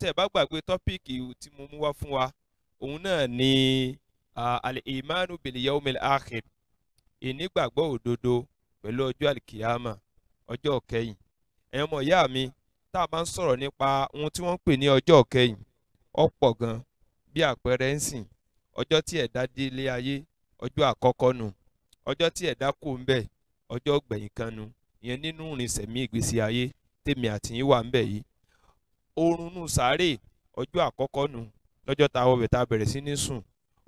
tẹ́ ẹ bá gbàgbé tọ́píìkì tí mo mú wá fún wa òun náà ni al-imanu bil yawmil akhir ìnígbàgbọ́ òdodo pẹ̀lú ọjọ́ alikiyama ọjọ́ kẹyìn ẹ̀yin ọmọ ìyá mi tá a bá ń sọ̀rọ̀ nípa ohun tí wọ́n ń pè ní ọjọ́ kẹyìn ọ̀pọ̀ gan bí àpẹẹrẹ ń sìn ọjọ́ tí ẹ̀dá dé ilé ayé ọjọ́ àkọ́kọ́ nu ọjọ́ tí ẹ̀dá kò ń bẹ̀ ọjọ́ gbẹ̀yìn kan nu ìyẹn nínú ìrìnsẹ̀mí ìgbésí ayé tèmi àtìyín wà ń bẹ̀ yìí oorun nù sáré ọjọ́ àkọ́kọ́ nù lọ́jọ́ tá a wọbẹ̀ tá a bẹ̀rẹ̀ sí ní sùn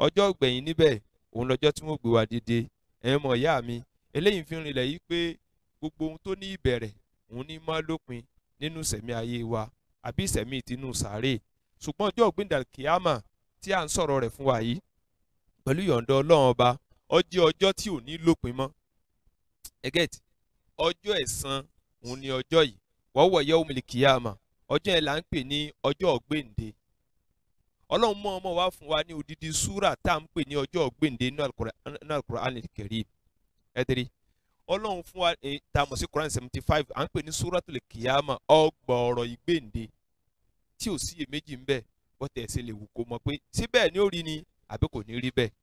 ọjọ́ gbẹ̀yìn níbẹ̀ òun lọ́jọ́ tí wọ́n gbé wa dìde ẹ̀yin mọ̀ ìyá mi eléyìí fi rinlẹ̀ yìí pé gbogbo ohun tó ní ìbẹ̀rẹ̀ òun ní má lópin nínú sẹ̀mí ayé wa àbí sẹ̀mí tinú sàárè ṣùgbọ́n ọjọ́ ògbìndà kìámà tí à ń sọ̀rọ̀ rẹ̀ fún wa yìí pẹ̀lú yọ̀ǹda ọlọ́run ọba ọjọ́ ọjọ́ tí ò ní lópin mọ́ ẹgẹ́tì ọjọ́ ẹ̀san òun ni ọjọ́ yìí wọ́wọ́ yẹ́ òmìnir kìámà ọjọ́ ẹ̀ là ń pè ní ọjọ́ ọ̀gbẹ́ǹde ọlọ́run mọ́ ọmọ wa fún wa ní odidi súrà tá à ń pè ní ọjọ́ ọ̀gbẹ́ǹde nínú ẹ̀dẹ̀rẹ̀ ọlọ́run fún wa tá a mọ̀ sí Quran seventy five à ń pè ní ìgbẹ́ǹde tí ò sí iyèméjì ń bẹ̀ ni ó ni àbí kò ní rí bẹ́ẹ̀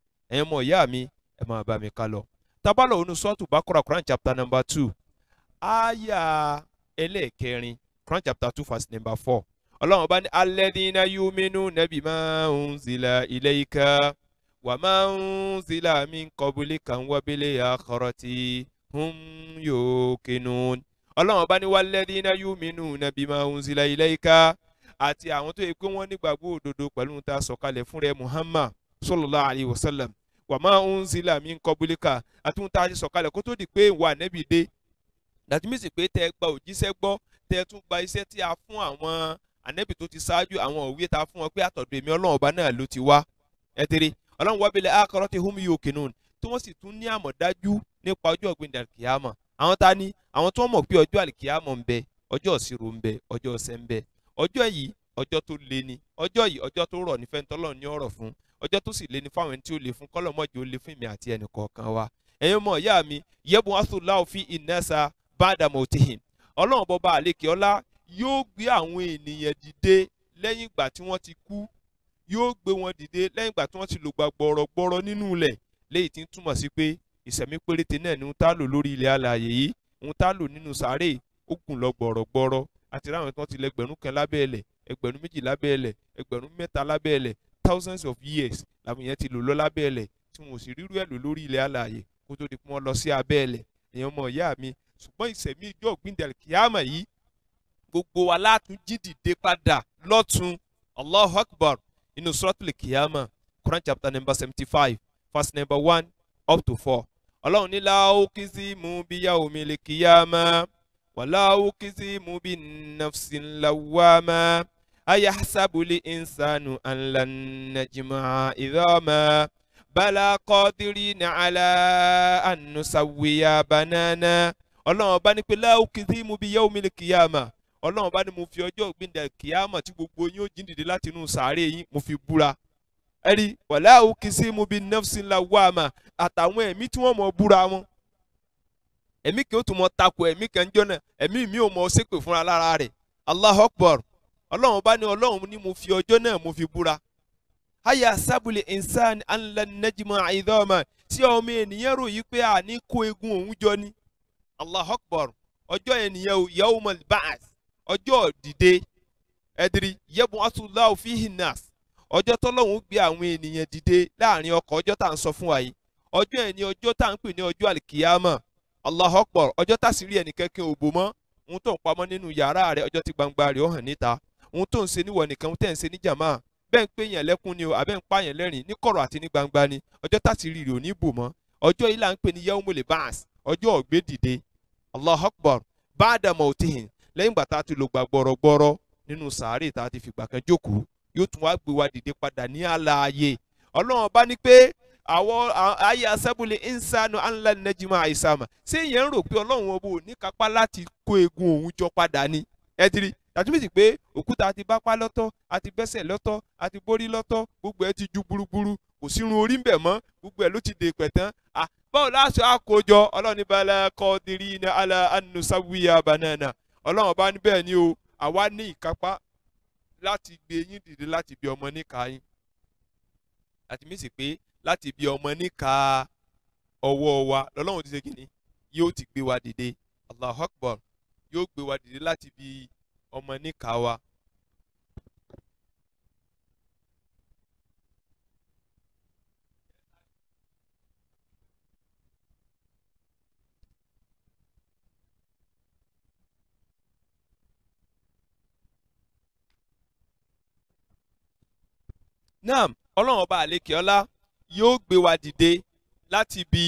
ẹ̀yin Quran chapter two verse number four ọlọ́run bá ní alladhina yu'minuna bima unzila ilayka wa ma unzila min qablika wa bil akhirati hum yuqinun ọlọ́run bá ní walladhina yu'minuna bima unzila ilayka àti àwọn tó yẹ pé wọ́n nígbàgbọ́ òdodo pẹ̀lú ta sọ̀kalẹ̀ fún rẹ Muhammad sallallahu alayhi wa sallam wa ma unzila min qablika àti ta sọ̀kalẹ̀ kó tó di pé wà nẹ́bi dé That means sì pé tẹ́ gba òjíṣẹ́ gbọ́ tẹ́ tún gba iṣẹ́ tí a fún àwọn ànẹ́bì tó ti ṣáájú àwọn òwe ta fún wọn pé àtọ̀dọ̀ èmi ọlọ́run ọba náà ló ti wá ẹ tẹ́rẹ́ ọlọ́run wá bilẹ̀ akọrọ ti hum yóò kinu tí wọ́n sì tún ní àmọ̀dájú nípa ọjọ́ ọ̀gbìndà kìámọ̀ àwọn ta ni àwọn tó mọ̀ pé ọjọ́ àlìkìámọ̀ ń bẹ ọjọ́ ìṣirò ń bẹ ọjọ́ ọ̀sẹ̀ ń bẹ ọjọ́ yìí ọjọ́ tó le ni ọjọ́ yìí ọjọ́ tó rọ̀ ní fẹ́ntọ́lọ́ ní ọ̀rọ̀ fún ọjọ́ tó sì le ni fáwọn tí ó le fún kọ́lọ́mọ́jì ó le fún èmi àti ẹnì kọ̀ọ̀kan wa ẹ̀yin ọmọ ìyá mi yẹ́bùn asùláwò fi ìnẹ́sà bá àdàmọ̀ òtí ọlọ́run bọba àlekè ọlá yóò gbé àwọn ènìyàn dìde lẹ́yìn ìgbà tí wọ́n ti kú yóò gbé wọn dìde lẹ́yìn ìgbà tí wọ́n ti lògbà gbọ̀rọ̀gbọ̀rọ̀ nínú ilẹ̀ léyìí tí ń túmọ̀ sí pé ìsẹ̀mí péréte náà ni ń tá lò lórí ilẹ̀ alààyè yìí ń tá lò nínú sàárè ó lọ gbọ̀rọ̀gbọ̀rọ̀ àti ráwọn tí wọ́n ti lẹ ẹgbẹ̀rún kan lábẹ́ ẹlẹ̀ ẹgbẹ̀rún méjì lábẹ́ ẹlẹ̀ ẹgbẹ̀rún mẹ́ta lábẹ́ ẹlẹ̀ thousands of years làwọn yẹn ti lò lọ lábẹ́ ẹlẹ̀ tí wọn ò sì rírú ẹ̀ lò lórí ilẹ̀ alààyè kó tó di pé wọ́n lọ sí abẹ́ ẹlẹ̀ èèyàn ọmọ ìyá mi ṣùgbọ́n ìṣẹ̀mí ijó ògbìndẹ̀ kìámà yìí gbogbo wa látún jí dìde padà lọ́tún allahu akbar inú suratul kìámà quran chapter number seventy five verse number one up to four ọlọ́run ní láwùkìsì mú bí yaumil kìámà wà láwùkìsì mú bí nafsin lawwama ayahsabu li insanu an lan najma'a idhama. بلى قادرين على أن نسوي بنانا ọlọ́run bá ní pé láwùkìtì mú bí yẹ́wò mi ní kìyàmà ọlọ́run bá ní mo fi ọjọ́ gbìndẹ̀ kìyàmà tí gbogbo yín ó jíǹdìdì láti inú sàárè yín mo fi búra ẹ̀rí wàlẹ́ àwòkìsí mu bí nẹ́fṣì ńlá wà mà àtàwọn ẹ̀mí tí wọ́n mọ̀ búra wọn ẹ̀mí kí ó tún mọ takò ẹ̀mí kan jọ́nà ẹ̀mí mi ò mọ ṣépè fúnra lára rẹ̀ Allahu ọlọ́run bá ní ọlọ́run ní mo fi ọjọ́ náà mo fi búra aya sábùlì insan anlan najma idoma tí ọmọ ènìyàn rò yí pé àní kó egun òun jọ ni allah akbar ọjọ́ yẹn nìyẹn o yawmal ba'as ọjọ́ dìde ẹ̀dìrì yẹ́bùn asúláwò fíhìn nas ọjọ́ tọ́lọ́hún gbé àwọn ènìyàn dìde láàrin ọkọ̀ ọjọ́ tá à ń sọ fún wa yìí ọjọ́ yẹn ni ọjọ́ tá à ń pè ní ọjọ́ àlìkìyàmà allah akbar ọjọ́ tàṣírí ẹnìkan kí n ò bò mọ́ ohun tó ń pamọ́ nínú yàrá rẹ̀ ọjọ́ tí gbangba rẹ̀ ó hàn níta ohun tó ń ṣe níwọ̀ nìkan tẹ́ ń ṣe ní jàmá bẹ́ẹ̀ ń pè yàn lẹ́kún ni o àbẹ́ ń pa yàn lẹ́rìn ní kọ̀rọ̀ àti ní gbangba ni ọjọ́ tàṣírí rẹ̀ ò ní bò mọ́ ọjọ́ yìí là ń pè ní yẹ́wùmọ̀lẹ̀ báàsì ọjọ́ ọ̀gbẹ́dìde Allahu Akbar báàdà mọ̀ọ́tìhìn lẹ́yìn ìgbà tá a ti lò gbà gbọ́rọ̀gbọ́rọ̀ nínú sàárè tá a ti fìgbà kan jókòó yóò tún wá gbé wa dìde padà ní àlàyé ọlọ́run bá ní pé àwọn ayé asẹ́bùlé ìnsánú anla nẹ́jìmọ̀ àìsàmà ṣé ìyẹn ń rò pé ọlọ́run ọbọ ò ní kápá láti kó egun òun jọ padà ni ẹ ti rí àtúmọ̀sí pé òkúta àti bápá lọ́tọ̀ àti bẹ́sẹ̀ lọ́tọ̀ àti borí lọ́tọ̀ gbogbo ẹ ti ju burúburú kò sírun orí ń bẹ̀ mọ́ gbogbo ẹ̀ ló ti dè pẹ̀ tán báwo láṣọ àkójọ ọlọ́run ní bala kọ́dírí ní ala anusawiya banana ọlọ́run bá níbẹ̀ ni o àwa ní ìkápá láti gbé yín dìde láti bí ọmọ níka yín àti mí sì pé láti bí ọmọ níka ọwọ́ wa lọ́lọ́run ti ṣe kí ni yóò ti gbé wa dìde Allahu Akbar yóò gbé wa dìde láti bí ọmọ níka wa náà ọlọ́run ọba àlekè ọlá yóò gbé wa dìde láti bi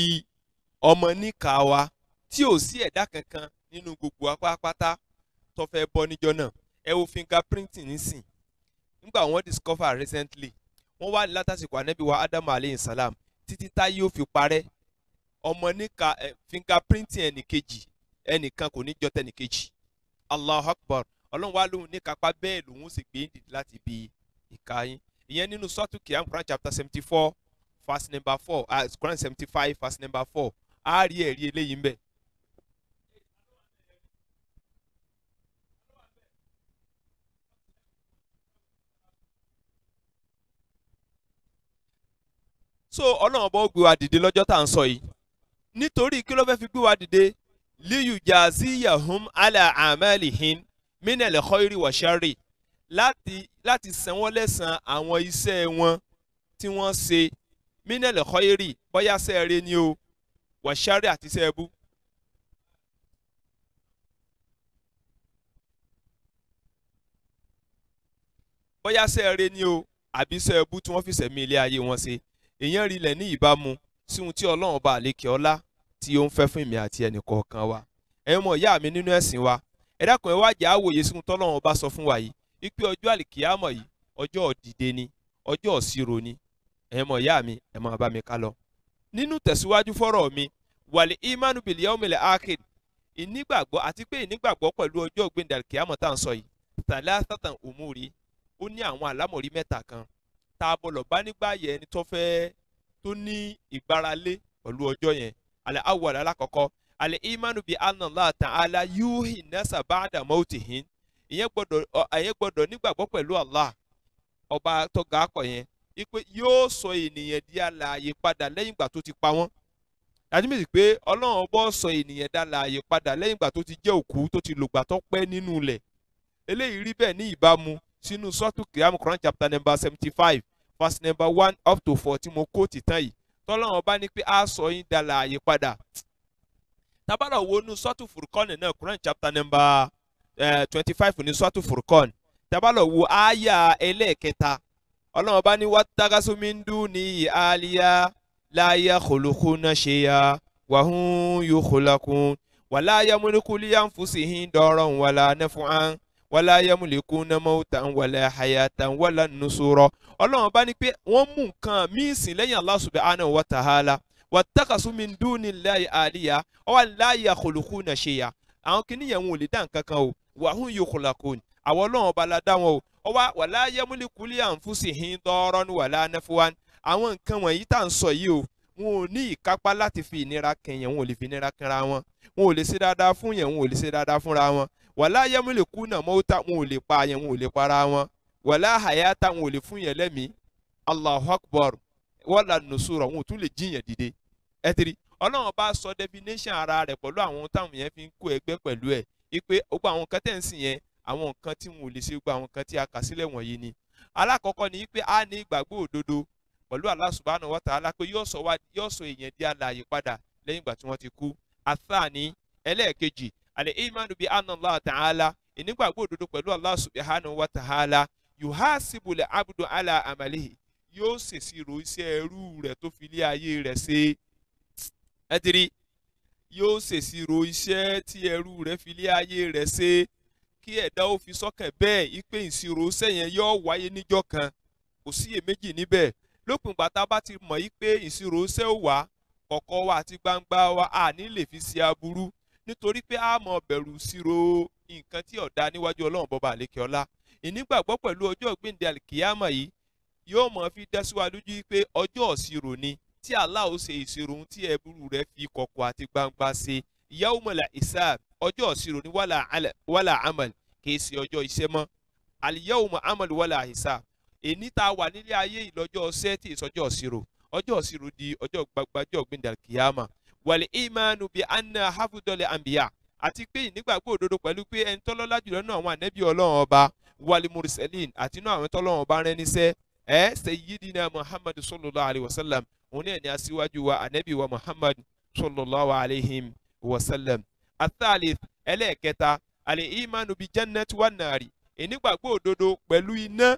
ọmọ níka wa tí ò sí ẹ̀dá kankan nínú gbogbo apápátá tó fẹ́ bọ́ níjọ́ náà ẹ wo fingerprinting nísìn nígbà wọ́n discover recently wọ́n wá látàsìkò ànábì wa ádámù aleyhi salam títí táyé ó fi parẹ́ ọmọ níka eh, fingerprinting ẹnìkejì ẹnìkan kò ní jọ tẹnìkejì allah akbar ọlọ́run wa lóhun níkapá bẹ́ẹ̀ lòun sì gbé dìde láti bi ìka yín ìyẹn nínú sọ́tù kìá Quran chapter seventy four verse number four uh, Quran seventy five verse number four a rí ẹ̀rí eléyìí ń so ọlọ́run bọ́ gbé wa dìde lọ́jọ́ tá à ń sọ yìí nítorí kí ló fẹ́ fi gbé wa dìde liyu jaziyahum ala amalihim minal khoiri wa sharri láti láti san wọ́n lẹ́san àwọn iṣẹ́ wọn tí wọ́n ṣe mínẹ́lẹ̀ kọ́yérì bóyá sẹ́ẹ̀rẹ́ ni o wàṣárẹ́ àti sẹ́ẹ̀bù. bóyá sẹ́ẹ̀rẹ́ ni o àbí sẹ́ẹ̀bù tí wọ́n fi sẹ̀mí ilé ayé wọn ṣe èèyàn rilẹ̀ ní ìbámu sí ohun tí ọlọ́run bá àlékè ọlá tí ó ń fẹ́ fún ìmì àti ẹnì kọ̀ọ̀kan wa ẹ̀yin ọmọ ìyá mi nínú ẹ̀sìn wa ẹ dákun ẹ wá jẹ́ àwòye sí ohun tọ́lọ́run bá sọ fún wa yìí ipe ọjọ́ àlìkìyàmọ̀ yìí ọjọ́ òdìde ni ọjọ́ òsirò ni ẹ̀mọ̀ ìyá mi ẹ̀mọ̀ bá mi ká lọ. nínú tẹ̀síwájú fọ́rọ̀ mi wàlí imanu bil yawmil akhir ìnígbàgbọ́ àti pé ìnígbàgbọ́ pẹ̀lú ọjọ́ ògbéǹdà àlìkìyàmọ̀ tá à ń sọ yìí tàlẹ́ àtàtàn òmùrí ó ní àwọn àlámọ̀rí mẹ́ta kan tá a bọ̀lọ̀ bá nígbà yẹn ẹni tó fẹ́ tó ní ìgbáralé pẹ̀lú ọjọ́ yẹn alẹ́ awọ alákọ̀ọ́kọ́ alẹ́ imanu bi anna Allah ta'ala yuhi nasa ba'da mawtihin ìyẹn gbọ́dọ̀ ìyẹn gbọ́dọ̀ nígbàgbọ́ pẹ̀lú Allah ọba tó ga akọ yẹn wípé yóò sọ ènìyàn di alààyè padà lẹ́yìn ìgbà tó ti pa wọ́n dájú méjì pé ọlọ́run ọbọ̀ sọ ènìyàn di alààyè padà lẹ́yìn ìgbà tó ti jẹ́ òkú tó ti lògbà tó pẹ́ nínú ilẹ̀ eléyìí rí bẹ́ẹ̀ ní ìbámu sínú sọ́tù kìámù Quran chapter number seventy five verse number one up to four tí mo kó tìtàn yìí tọ́lọ́run ọba ní pé á sọ yín di alààyè padà tábàlọ̀ wo nu sọ́tù furukọ́nì náà Quran chapter number Eh, twenty five ní sọ́tù furcon tabalọ̀ wo àyà ẹlẹ́ẹ̀kẹta ọlọ́run bá ní wàtàkàsómìndú ní àlìyá láyà kòlókó náà ṣe ya wàhún yóò kólákún wàlá ayámúlẹ́kùlì yà ń fúsì hín dọ́rọ̀ wàlá nẹ́fọ̀n wàlá ayámúlẹ́kùn náà mọ́ta wàlá àyàtà wàlá nùsọ̀rọ̀ ọlọ́run bá ní pé wọ́n mú nǹkan míì sìn lẹ́yìn Allah subhanahu wa ta'ala wàtàkàsó mi dún ní láyà àlìyá ọwọ́ láyà kòlókó náà ṣe ya àwọn kìnìyàn wọn ò lè dá nǹkan kan o wàhùn yukhlaqun àwọn ọlọ́run ọba la dá wọn o ọwá wàlá yẹmúlikúlì àǹfùsì hin dọ́ọ́rọ́ ní wàlá anáfíwán àwọn nǹkan wọ̀nyí tá à ń sọ yìí o wọn ò ní ìkápá láti fi ìnira kẹyìn wọn ò lè fi ìnira kanra wọn wọn ò lè ṣe dáadáa fún yẹn wọn ò lè ṣe dáadáa fúnra wọn wàlá yẹmúlikúnà mọ́tà wọn ò lè pa yẹn wọn ò lè para wọn wàlá hayata wọn ò lè fún yẹn lẹ́mìí allahu akbar wala nusura wọn ò tún lè jíyàn dìde ẹtìrì ọlọ́run bá sọ definition ara rẹ̀ pẹ̀lú àwọn táwọn yẹn fi ń kó ẹgbẹ́ pẹ̀lú ẹ̀ Ipe gbogbo àwọn nǹkan tẹ̀ ń sìn yẹn àwọn nǹkan tí wọn ò lè ṣe gbogbo àwọn nǹkan tí a kà sílẹ̀ wọ̀nyí ni alákọ̀ọ́kọ́ ni wípé a ní ìgbàgbọ́ òdodo pẹ̀lú Allah subhanahu wa yóò sọ èèyàn di alààyè padà lẹ́yìn ìgbà tí wọ́n ti kú ẹlẹ́ẹ̀kejì àlẹ́ imanu bi yóò ṣèṣirò iṣẹ́ ẹrú rẹ̀ tó fi lé ayé rẹ̀ ṣe yóò ṣèṣirò iṣẹ́ tí ẹrú rẹ̀ fi lé ayé rẹ̀ ṣe kí ẹ̀dá ó fi sọ́kàn bẹ́ẹ̀ ipe ìṣirò sẹ́yìn yóò wáyé níjọ́ kan kò síyèméjì níbẹ̀ lópin bàtà bá ti mọ̀ yí pé ìṣirò iṣẹ́ ò wá kọ̀kọ̀ wa àti gbangba wa a ní lè fi ṣe aburú nítorí pé a mọ̀ bẹ̀rù ìṣirò nǹkan tí ọ̀dà níwájú ọlọ́run bọ́ba àlékè ọlá ìnígbàgbọ́ pẹ̀lú ọjọ́ ìgbéǹde àlìkìyàmọ̀ yìí yóò mọ̀ fi dá pé ọjọ́ ìṣirò ni tí Allah ó ṣe ìṣirò ohun tí ẹ̀bùrú rẹ̀ fi kọ̀kọ̀ àti gbangba ṣe yawmala isab ọjọ́ ìṣirò ní wàlà amal kìí ṣe ọjọ́ iṣẹ́ mọ́ aliyahuma amal wàlà hisab èní tá a wà nílé ayé ìlọ́jọ́ ọṣẹ́ tí ìsọjọ́ ìṣirò ọjọ́ ìṣirò di ọjọ́ gbagbajọ́ gbìndàkìyàmà wàlẹ̀ imanu bi anna hafudọ́lẹ̀ anbiya àti pé ìnígbàgbọ́ òdodo pẹ̀lú pé ẹni tọ́lọ́lá jùlọ náà àwọn ànẹ́bí ọlọ́run ọba wali mursalin àti náà àwọn tọ́lọ́run ọba rẹ níṣẹ́ ẹ sayyidina muhammadu sallallahu alayhi wa sallam òun náà ni aṣíwájú wa anabi wa muhammad sallallahu alayhi wa sallam athalith ẹlẹ́ẹ̀kẹta alẹ́ imanu bi jannat wa nari ìnígbàgbọ́ òdodo pẹ̀lú iná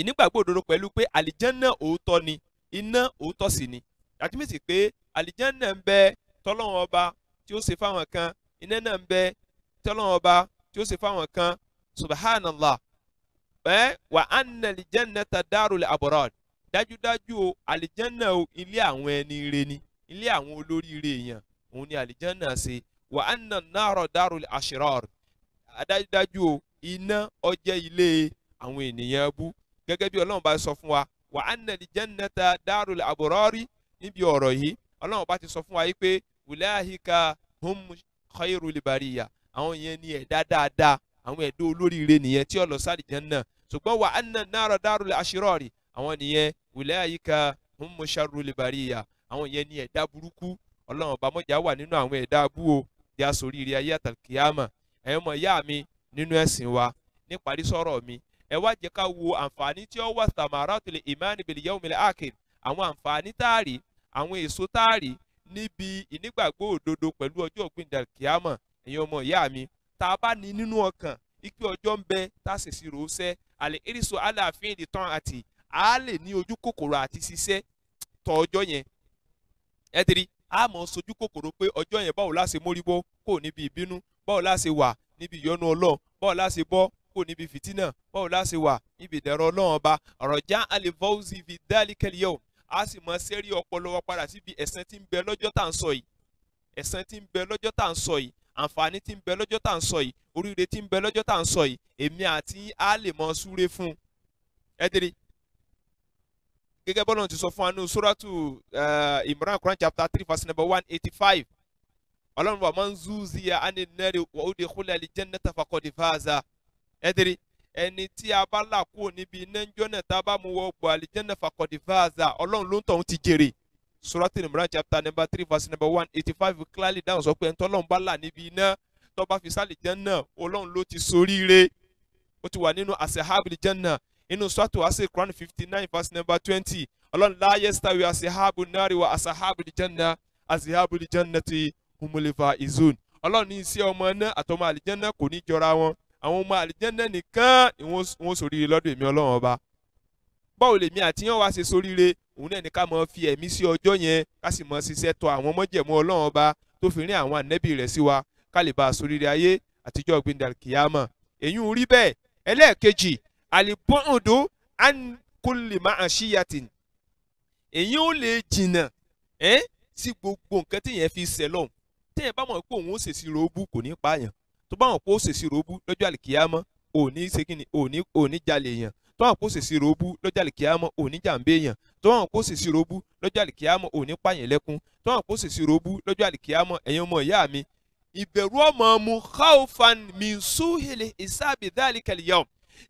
ìnígbàgbọ́ òdodo pẹ̀lú pé àlìjánná òótọ́ ni iná òótọ́ sì ni àtúmísì pé àlìjánná ń bẹ tọ́lọ́wọ́n ọba tí ó ṣe fáwọn kan iná náà ń bẹ tọ́lọ́wọ́n ọba tí ó ṣe fáwọn kan subhanallah ẹ wà á nà àlìjánná ta dárò lè àbọ̀rọ̀d dájúdájú o àlìjánà o ilé àwọn ẹni ire ni ilé àwọn olóríire èèyàn òun ni àlìjánà ṣe wà á nà náàrọ̀ dárò àṣírọ̀rì dájúdájú o iná ọjẹ́ ilé àwọn ènìyàn bú gẹ́gẹ́ bí ọlọ́run bá sọ fún wa wà á nà àlìjánà ta dárò àbúrọ́rì níbi ọ̀rọ̀ yìí ọlọ́run bá ti sọ fún wa yìí pé wùláhìkà hum khairu libariya àwọn yẹn ni ẹ̀dá dáadáa àwọn ẹ̀dá olóríire nìyẹn tí ó lọ sí àlìjánà ṣùgbọ́n wà á nà náàrọ̀ dárò àṣírọ̀rì àwọn nìyẹn wùlẹ́ àyíká hummu sharrul ya àwọn yẹn ní ẹ̀dá burúkú ọlọ́run ọba mọ́jà wà nínú àwọn ẹ̀dá abú o di asoríire ayé àtàkìyàmà ẹ̀yin mọ̀ ìyá mi nínú ẹ̀sìn wa níparí sọ̀rọ̀ mi ẹ wá jẹ́ ká wo àǹfààní tí ó wà samaratul imani bil yawmil akhir àwọn àǹfààní táàrí àwọn èso táàrí níbi ìnígbàgbọ́ òdodo pẹ̀lú ọjọ́ ògbìndà kìámà ẹ̀yin ọmọ ìyá mi tá a bá ní nínú ọkàn ipe ọjọ́ ń bẹ tá a sì sí ròóṣẹ́ àlè irisu aláàfin ìdìtàn àti a lè ní ojú kòkòrò àti ṣiṣẹ́ tọ ọjọ́ yẹn ẹ tiri a mọ̀ sojú kòkòrò pé ọjọ́ yẹn báwo la ṣe mórí bọ́ kò níbi ìbínú báwo la ṣe wà níbi ìyọnu ọlọ́run báwo la ṣe bọ́ kò níbi fìtínà báwo la ṣe wà níbi ìdẹ̀rọ ọlọ́run ọba ọ̀rọ̀ já alivọ́ọ̀sì fi dáríkẹ́lì yẹ̀wò a sì mọ sẹ́rí ọpọlọ wa padà síbi ẹ̀sán tí ń bẹ lọ́jọ́ tá à ń sọ yìí ẹ̀sán tí ń bẹ lọ́jọ́ tá à ń sọ yìí àǹfààní tí ń bẹ lọ́jọ́ tá ń sọ yìí oríire tí ń bẹ lọ́jọ́ tá ń sọ yìí èmi àti a lè mọ súré fún ẹ tẹ́lẹ̀ gẹ́gẹ́ bọ́lá ti sọ fún wa ní suratu eh, Imran Quran chapter three verse number one eighty five ọlọ́run wa man zuziya ani nẹ́rì wa ó de kúlẹ̀ al-jannata faqad faza ẹ̀dẹ̀rì ẹni tí a bá là kúrò níbi iná náà tá a bá mú wọ gbọ́ al-jannata faqad faza ọlọ́run ló ń tọ̀hún ti jèrè suratu Imran chapter number three verse number one eighty five clearly dáhùn sọ pé ẹni tọ́lọ́run bá là níbi iná tọ́ba fi sálì jẹ́ náà ọlọ́run ló ti soríire ó ti wà nínú asahabil janna nínú sọ́tò àṣẹ Quran fifty nine verse number twenty ọlọ́run láàyè sítáwì àṣehábù náírà wà àṣehábù lìjánná àṣehábù lìjánná ti humulifa izun ọlọ́run ní iṣẹ́ ọmọ náà àtọmọ àlìjánná kò ní jọra wọn àwọn ọmọ àlìjánná nìkan ni wọ́n ṣoríire lọ́dọ̀ èmi ọlọ́run ọba báwo lèmi àti yẹn wá ṣe ṣoríire òun náà ní ká mọ fi ẹ̀mí sí ọjọ́ yẹn ká sì mọ ṣiṣẹ́ tọ àwọn mọ́jẹ̀mú ọlọ́run ọba tó fi rin àwọn ànẹ́bí rẹ̀ sí wa ká lè bá a ṣoríire ayé àtijọ́ gbẹ̀ndàkìyàmọ̀ èyí ń rí bẹ́ẹ̀ ẹlẹ́ẹ̀kejì àlìbọ́ǹdó ankulima àṣìyàtìn èyí ò lè jìnnà ẹ́ sí gbogbo nǹkan téèyàn fi ṣẹ̀ lọ́hùn téèyàn bá mọ̀ pé òun ó ṣèṣì robú kò ní pààyàn tó bá mọ̀ pé ó ṣèṣì robú lọ́jọ́ àlìkìyàmọ́ òní ṣe kí ni òní òní jalè yàn tó hàn kó sèṣì robú lọ́jà àlìkíyàmọ́ òní jàǹbé yàn tó hàn kó sèṣì robú lọ́jà àlìkíyàmọ́ òní pààyàn lẹ́kún tó hàn kó sèṣì robú lọ́jà àlìkíyàmọ́ ẹ̀yin ọmọ ìyá mi. ìbẹ̀rù ọmọ mu khawfan min suhili isabi dhalikal yawm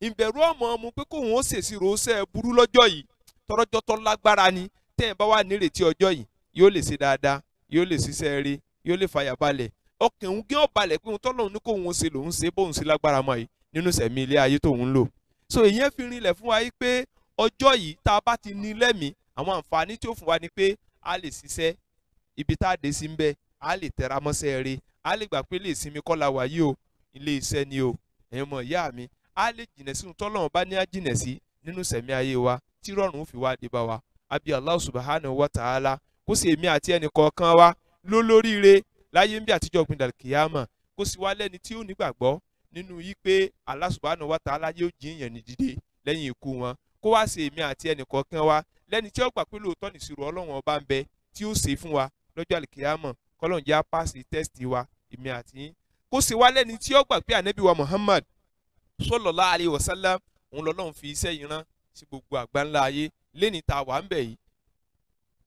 ìbẹ̀rù ọmọ mu pé kóun ó ṣèṣì rọ́ọ̀ṣẹ́ burú lọ́jọ́ yìí tọ́rọ́jọ́ tó lágbára ni tẹ́ ẹ̀ bá wà nírètí ọjọ́ yìí yóò lè ṣe dáadáa yóò lè ṣiṣẹ́ rí yóò lè fàyà balẹ̀ ọkàn òun gé ọ̀balẹ̀ pé òun tọ́lọ́run ní kóun ṣe lòun ṣe bóun ṣe lágbára mọ́ yìí nínú sẹ̀mí ilé ayé tóun lò so ìyẹn fi rinlẹ̀ fún wa yìí pé ọjọ́ yìí tá a bá ti ní lẹ́mìí àwọn àǹfààní tí ó fún wa ni pé a lè ṣiṣẹ́ ibi tá a dé sí ń bẹ a lè tẹra rí a lè gbà pé lè sinmi kọ́ la wà yìí o ilé iṣẹ́ ni o ẹ̀yin ọmọ ìyá mi a lè jìnà sí tọ́lọ́run bá ní á jìnà sí nínú sẹ̀mí ayé wa tí rọrùn fi wá dé bá wa àbí Allah subhanahu wa ta'ala kó sì èmi àti ẹnì kọ̀ọ̀kan wa lólóríire láyé ń bí àtijọ́ gbìndàlì kìyàmà kó sì wá lẹ́ni tí ó nígbàgbọ́ nínú yí pé Allah subhanahu wa ta'ala yóò jí èèyàn ní dìde lẹ́yìn ikú wọn kó wá sí èmi àti ẹnì kọ̀ọ̀kan wa lẹ́ni tí ó gbà pé lóòótọ́ nìṣirò ọlọ́run ọba ń bẹ tí ó ṣe fún wa lọ́jọ́ àlìkìyàmọ̀ kọ́lọ́n jẹ́ á tẹ́sítì wa èmi àti yín kó sì wá lẹ́ni tí ó gbà pé ànábì wa Muhammad sallallahu alayhi wa sallam òun lọ́lọ́run fi iṣẹ́ yìí rán sí gbogbo àgbáńlá ayé lẹ́ni tá a wà ń bẹ̀ yìí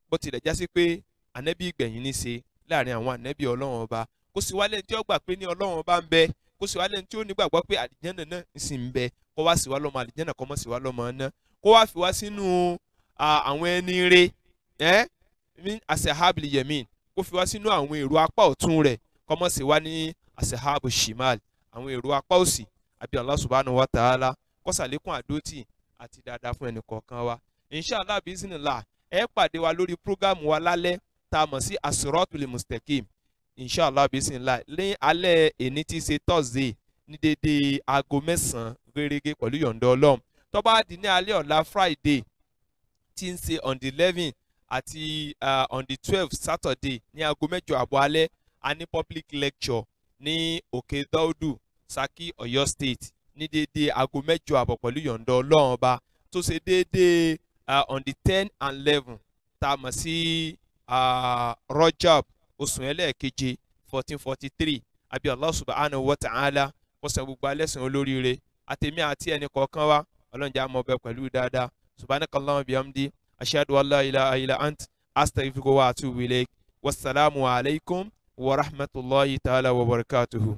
bó tilẹ̀ já sí pé ànẹ́bí ìgbẹ̀yìn ní ṣe láàrin àwọn ànẹ́bí ọlọ́run ọba kó sì wálé tí ó gbà pé ní ọlọ́run ọba ń bẹ kó sì wálé tí ó nígbàgbọ́ pé àlìjẹ́nà náà ń sì ń bẹ kó wá sì wá lọ́mọ àlìjẹ́nà kó mọ̀ wá lọ́mọ náà kó wá fi wá sínú àwọn ẹni re ẹ́ yemin kó fi wá sínú àwọn èrò apá ọ̀tún rẹ̀ kó mọ̀ wá ní asahabu shimal àwọn èrò apá òsì àbí Allah subhanahu wa ta'ala kọ́sàlékún àdótì àti dáadáa fún ẹnìkọ̀ọ̀kan wa inshallah bizinillah ẹ pàdé wa lórí prógámù wa lálẹ́ tá a mọ̀ sí asiratul mustaqim inshallah bizinillah lẹ́yìn alẹ́ èní tí í ṣe thursday ní déédéé aago mẹ́sàn-án gẹ́gẹ́ pẹ̀lú yọ̀ǹda ọlọ́run tó bá ní alẹ́ ọ̀la friday tí ń ṣe on the eleven àti uh, on the twelve saturday ní aago mẹ́jọ àbọ̀ alẹ́ a ní public lecture ní òkè dáúdù Ṣakí Ọ̀yọ́ State ní déédéé aago mẹ́jọ àbọ̀ pẹ̀lú yọ̀ǹda Ọlọ́run ọba tó ṣe déédéé on the ten and eleven tá a mọ̀ sí Rajab oṣù ẹlẹ́ẹ̀keje fourteen forty three àbí Allah subhanahu wa ta'ala kó san gbogbo alẹ́sìn olóríire àtẹ̀mí àti ẹnì kọ̀ọ̀kan wa ọlọ́njà àmọ́ ọbẹ̀ pẹ̀lú dáadáa subhanakallahumma bihamdi ashhadu an la ilaha illa ant astaghfiruka wa atubu ilaik wasalaamu alaykum wa rahmatulahi ta'ala wa barakatuhu.